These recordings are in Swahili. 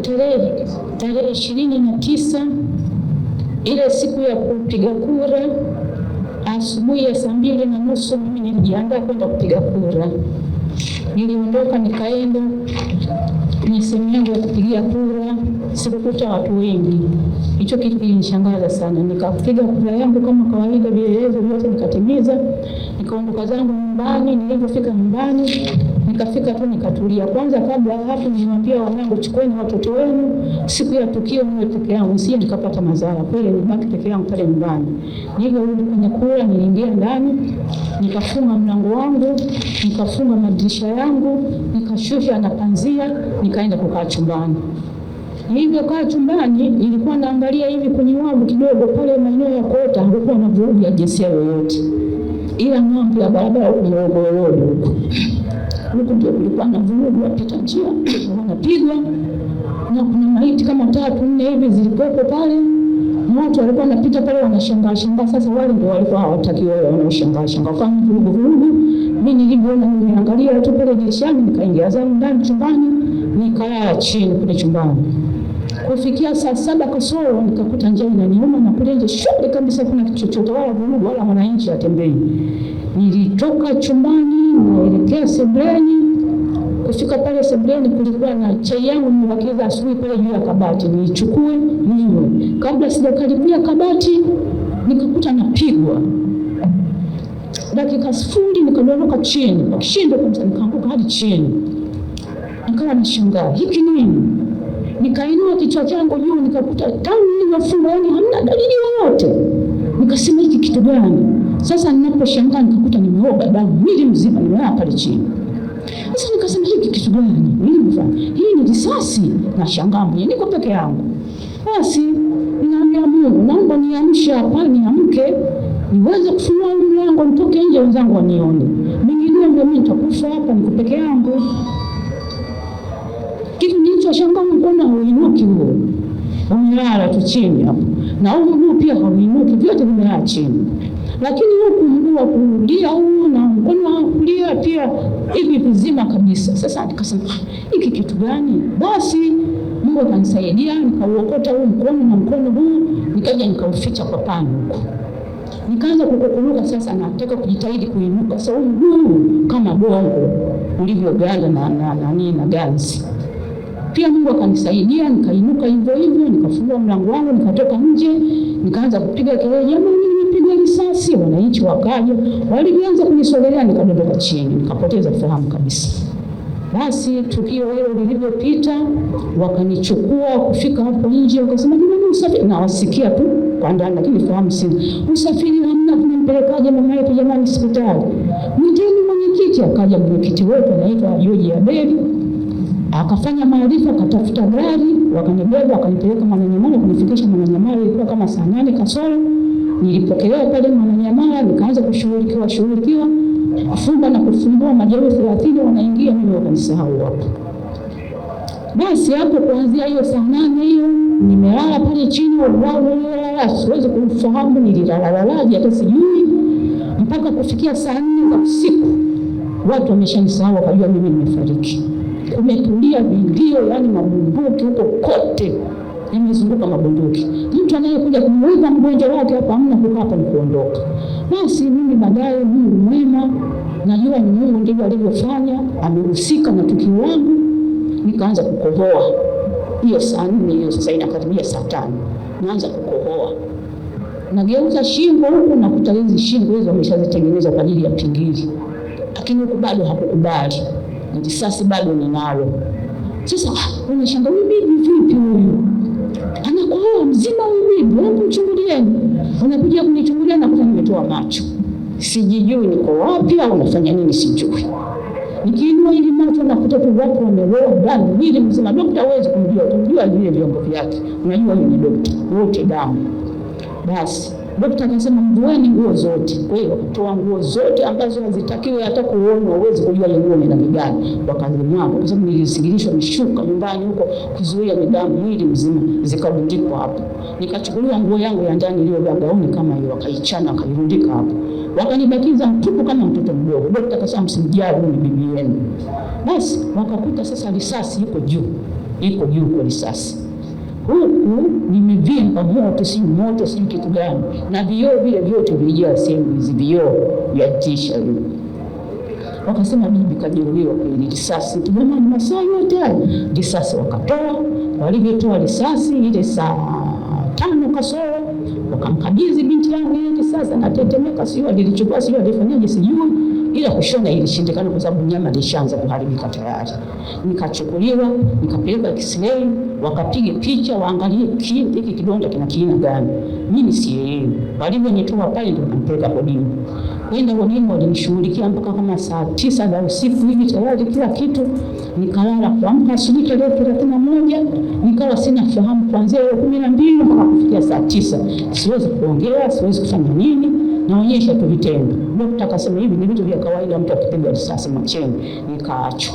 tarehe tarehe ishirini na tisa ile siku ya kupiga kura asubuhi ya saa mbili na nusu mimi nilijiandaa kwenda kupiga kura. Niliondoka nikaenda kwenye sehemu yangu ya kupigia kura, sikukuta watu wengi. Hicho kitu kilinishangaza sana. Nikapiga kura yangu kama kawaida, vielezo vyote nikatimiza, nikaondoka zangu nyumbani. nilivyofika nyumbani Nikafika tu nikatulia. Kwanza kabla hapo, nilimwambia wanangu, chukueni watoto wenu, siku ya tukio niwe peke yangu, sije nikapata madhara. Kweli nibaki peke yangu pale nyumbani. Nilivyorudi kwenye kula, niliingia ndani, nikafunga mlango wangu, nikafunga madirisha yangu, nikashusha na panzia, nikaenda kukaa chumbani. Nilivyokaa chumbani, nilikuwa naangalia hivi kwenye wavu kidogo pale maeneo ya kota, hakukuwa na vurugu ya jinsia yoyote, ila ng'ombe ya barabara kwenye robo robo huku ndio kulikuwa na vurugu, wapita njia wanapigwa, na kuna maiti kama tatu nne hivi zilikopo pale, na watu walikuwa wanapita pale wanashangaa shangaa. Sasa wale ndio walikuwa hawataki, wao wanaoshangaa shangaa kwa vurugu vurugu. Mimi nilivyoona, niliangalia tu pale dirishani, nikaingia zangu ndani chumbani, nikalala chini kule chumbani. Kufikia saa saba kasoro nikakuta njia inaniuma na kule nje shule kabisa, kuna kitu chochote wala vurugu wala wananchi atembei. Nilitoka chumbani nielekea sebleni. Kufika pale sebleni, kulikuwa na chai yangu nimebakiza asubuhi pale juu ya kabati, niichukue ninywe. Kabla sijakaribia kabati, nikakuta napigwa dakika sifuri, nikadondoka chini kwa kishindo kabisa, nikaanguka hadi chini, nikawa nashangaa hiki nini Nikainua kichwa changu juu, nikakuta tangu nilivyofungwa, yani hamna dalili yoyote. Nikasema hiki kitu gani? Sasa ninaposhangaa nikakuta nimeoga damu mwili mzima, nimeaa pale chini. Sasa nikasema hiki kitu gani? Nilifanya hii ni risasi, nashangaa mwenye niko peke yangu. Basi ninaambia Mungu, naomba niamshe hapa, niamke niweze kufungua mlango, nitoke nje, wenzangu wanione, ningijua ndio mimi nitakufa hapa, niko peke yangu cha shambani mbona hauinuki huo? Umelala tu chini hapo, na huu mguu pia hauinuki, vyote vimelala chini, lakini huku mguu wa kulia huu na mkono wa kulia pia hivi vizima kabisa. Sasa nikasema hiki kitu gani? Basi Mungu akanisaidia, nikauokota huu mkono na mkono huu, nikaja nikauficha kwa pani huko nikaanza kukukuluka sasa, nataka kujitahidi kuinuka. Sasa huu mguu kama bongo ulivyoganda na nani na, na, na, na ganzi pia Mungu akanisaidia, nikainuka hivyo hivyo, nikafungua mlango wangu, nikatoka nje, nikaanza kupiga kelele, jamani, nimepiga risasi! Wananchi wakaja, walianza kunisogelea, nikadondoka chini, nikapoteza fahamu kabisa. Basi tukio hilo lilivyopita, wakanichukua kufika hapo nje, wakasema jamani, usafiri na wasikia tu kwa ndani, lakini fahamu sina, usafiri hamna, tunampelekaje mama yetu jamani hospitali? Mwiteni mwenyekiti. Akaja mwenyekiti wetu anaitwa Joji Abeli akafanya maarifa, akatafuta gari, wakanibeba wakanipeleka Mwananyamala, kunifikisha Mwananyamala ilikuwa kama saa nane kasoro. Nilipokelewa pale Mwananyamala, nikaanza kushughulikiwa shughulikiwa, kufumba na kufumbua, majeruhi thelathini wanaingia, mimi wakanisahau hapo. Basi hapo kuanzia hiyo saa nane hiyo nimelala pale chini, wala siwezi kumfahamu nililalalalaji hata sijui mpaka kufikia saa nne za usiku watu wameshanisahau, wakajua mimi nimefariki umetulia vilio, yani mabunduki huko kote imezunguka mabunduki. Mtu anayekuja kumuuliza mgonjwa wake hapa amna kukaa hapa ni kuondoka. Basi mimi baadaye, Mungu mwema, najua ni Mungu ndivyo alivyofanya, amehusika na tukio wangu, nikaanza kukohoa hiyo saa nne hiyo, sasa inakaribia saa tano, naanza kukohoa nageuza shingo huku nakuta hizi shingo hizo wameshazitengeneza kwa ajili ya pingili, lakini huku bado hakukubali kisasi bado ninalo. Sasa unashanga huyu bibi vipi huyu anakuoa mzima, huyu bibi hebu mchungulieni, unakuja kunichungulia na kuta nimetoa macho, sijijui niko wapi au unafanya nini, sijui nikiinua ili macho nakuta tu watu wameroa damu mwili mzima. Dokta hawezi kumjua, utamjua vile vyombo vyake, unajua huyu ni dokta wote damu basi Dokta akasema mvueni nguo zote. Kwa hiyo toa nguo zote ambazo hazitakiwi hata kuonwa, huwezi kujua ile nguo ni damu gani. Wakazimwaga kwa sababu nilisigilishwa mishuka nyumbani huko kuzuia midamu, mwili mzima, zikarundikwa hapo. Nikachukuliwa nguo yangu ya ndani iliyo gauni kama hiyo, wakaichana wakairundika hapo, wakanibakiza mtupu kama mtoto mdogo. Dokta akasema msijali, huyu ni bibi yenu. Basi wakakuta sasa risasi iko juu, iko juu kwa risasi huku nimevimba moto, si moto, si kitu gani, na vioo vile vyote vilijaa sehemu hizi, vioo vya tisha hivi. Wakasema mimi kajeruhiwa kweli, risasi tu jamani, masaa yote haya risasi. Wakatoa, walivyotoa risasi ile saa wakamfunga Sora, wakamkabidhi binti yangu yeye. Sasa natetemeka, sio alilichukua sio alifanyaje sijui, ila kushona ilishindikana kwa sababu nyama ilishaanza kuharibika tayari. Nikachukuliwa nikapelekwa Kisilei, wakapiga picha waangalie hiki kidonda kina gani. Mimi sielewi, walivyonitoa pale ndio kumpeleka kodini kwa walimu walimshughulikia mpaka kama saa tisa za usiku hivi, tayari kila kitu. Nikalala kuamka asubuhi tarehe thelathini na moja nikawa sina fahamu kuanzia leo kumi na mbili mpaka kufikia saa tisa siwezi kuongea, siwezi kufanya nini, naonyesha tu vitendo. Dokta akasema hivi ni vitu vya kawaida, mtu akipigwa risasi macheni. Nikaachwa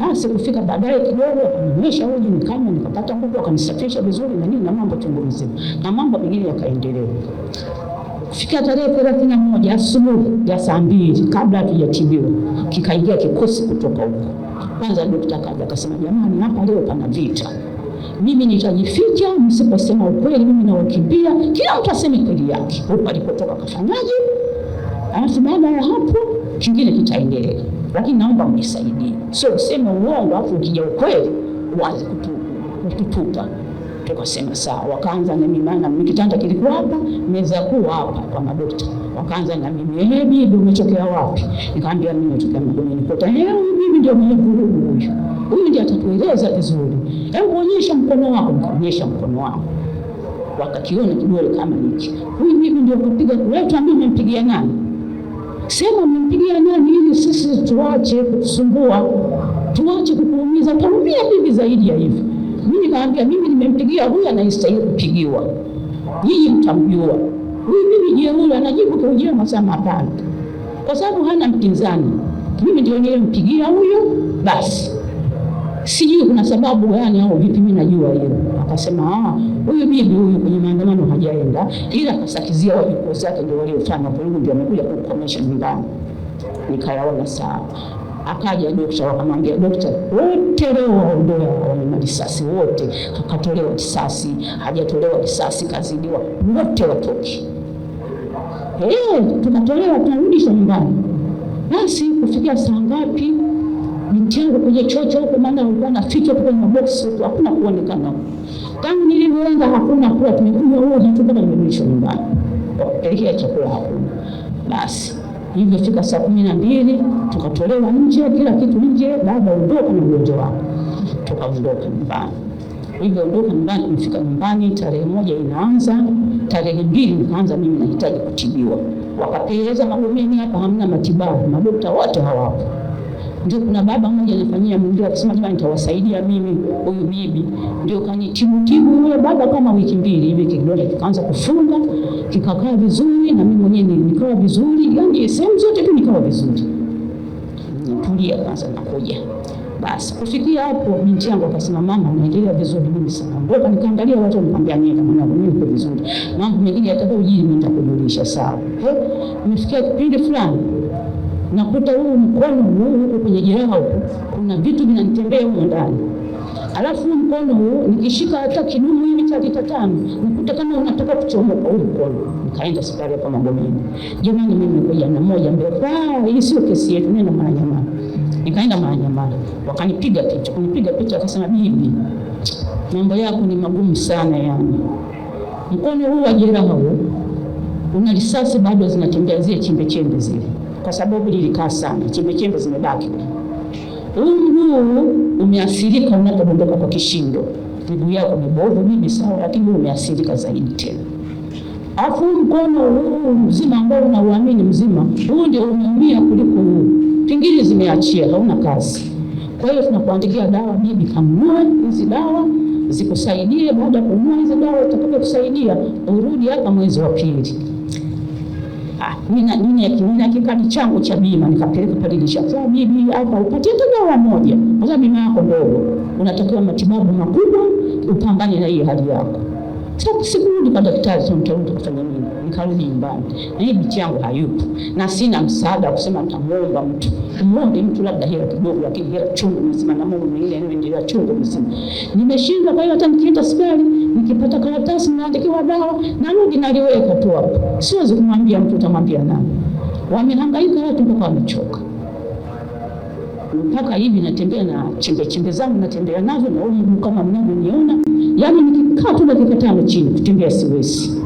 basi kufika baadaye kidogo akanionyesha uji, nikanywa, nikapata nguvu, akanisafisha vizuri na nini na mambo chungu mzima, na mambo mengine yakaendelea. Kufikia tarehe thelathini na moja asubuhi ya saa mbili kabla hatujatibiwa kikaingia kikosi kutoka huko. Kwanza dokta kaja akasema, jamani, hapa leo pana vita, mimi nitajificha, msiposema ukweli mimi nawakimbia, kila mtu aseme kweli yake, huko alipotoka kafanyaje, alafu baada ya hapo kingine kitaendelea, lakini naomba mnisaidie, sio useme uongo alafu ukija ukweli kutu, kutupa Tukasema sawa, wakaanza na mimi, maana mimi kitanda kilikuwa hapa, meza kuu hapa kwa madokta. Wakaanza na mimi, eh, bibi umetokea wapi? Nikamwambia mimi nimetokea Magomeni Kota. Eh, huyu bibi ndio mwenye vurugu huyu, huyu ndio atatueleza vizuri. Hebu onyesha mkono wako. Nikaonyesha mkono wangu, wakakiona kidole kama hiki. huyu mimi ndio kupiga kwa watu ambao umempigia nani? Sema umempigia nani, ili sisi tuache kutusumbua, tuache kukuumiza. Tunaumia mimi zaidi ya hivyo mimi naambia mimi nimempigia huyu anayestahili kupigiwa, nyinyi mtamjua huyu. Mimi je, huyu anajibu kwa ujema Hapana, kwa sababu hana mpinzani. Mimi ndio mpigia huyu, basi sijui kuna sababu gani au vipi, mimi najua hiyo. Akasema ah, huyu bibi huyu kwenye maandamano hajaenda, ila akasakizia wajukuu zake ndio waliofanya vurugu, ndio amekuja kukomesha nyumbani. Nikayaona sawa. Akaja dokta, wakamwambia dokta, wote leo waondolewa wanyima risasi wote. Akatolewa risasi, hajatolewa risasi, kazidiwa, wote watoke. Hey, eh, tukatolewa tunarudishwa nyumbani. Basi kufikia saa ngapi, binti yangu kwenye chocho huko, maana alikuwa anafichwa kwenye maboksi, hakuna kuonekana. Tangu nilivyoenda hakuna kula, tumekuja wote, mpaka nimerudishwa nyumpelekea chakula hakuna. Basi hivyo fika saa kumi na mbili tukatolewa nje, kila kitu nje, baba ondoka na mgonjwa wako. Tukaondoka nyumbani. Niliondoka nyumbani, nifika nyumbani tarehe moja inaanza, tarehe mbili nikaanza mimi nahitaji kutibiwa. Wakapeleza Magomeni, hapa hamna matibabu, madokta wote hawapo. Ndio kuna baba mmoja alifanyia mwingine akasema jamani, nitawasaidia mimi huyu bibi. Ndio kanitibu tibu yule baba kama wiki mbili hivi, kidole kikaanza kufunga kikakaa vizuri, na mimi mwenyewe nikawa vizuri, yani sehemu zote tu nikawa vizuri, nitulia kwanza, nakuja basi kufikia hapo, binti yangu akasema, mama, unaendelea vizuri. Mimi sana ngoka nikaangalia watu nikamwambia, nenda mwanangu, mimi niko vizuri, mambo mengine yatakayo jiri nitakujulisha. Sawa, eh, nimefikia kipindi fulani nakuta huu mkono huu huko kwenye jeraha huko kuna vitu vinanitembea huko ndani, alafu mkono huu nikishika hata kidumu hivi cha lita tano nikuta kama unataka kuchomoka huu mkono. Nikaenda hospitali hapa Magomeni, jamani, mimi niko na moja mbele, hii sio kesi yetu, nenda Mwananyamala. Nikaenda Mwananyamala, wakanipiga picha, kunipiga picha, wakasema bibi, mambo yako ni magumu sana, yani mkono huu wa jeraha huu una risasi bado zinatembea zile chembe chembe zile kwa sababu lilikaa sana, chembechembe zimebaki. Huu umeathirika unapodondoka kwa kishindo, miguu yako ni bovu, mimi sawa, lakini umeathirika zaidi tena. Afu mkono huu mzima ambao unauamini mzima, huu ndio umeumia kuliko huu, pingili zimeachia, hauna kazi. Kwa hiyo tunakuandikia dawa, bibi, kanunue hizi dawa zikusaidie. Baada ya kununua hizi dawa kusaidia, urudi hapa mwezi wa pili nina kikadi changu cha bima, nikapeleka pale nilishakaa bibi hapa, upatie wa moja, kwa sababu bima yako ndogo, unatakiwa matibabu makubwa, upambane na hii hali yako sikurudi kwa daktari, sasa mtarudi kufanya nini? Nikarudi nyumbani, na hii binti yangu hayupo na sina msaada kusema nitamwomba mtu, muombe mtu labda hela kidogo, lakini hela chungu mzima, na Mungu ni ile inayoendelea chungu mzima. Nimeshindwa, kwa hiyo hata nikienda hospitali nikipata karatasi naandikiwa dawa, narudi naliweka tu hapo, siwezi kumwambia mtu. Utamwambia nani? Wamehangaika watu mpaka wamechoka mpaka hivi natembea na chembe chembe zangu natembea nazo na huyu kama mnavyoniona yaani nikikaa tu dakika tano chini kutembea siwezi.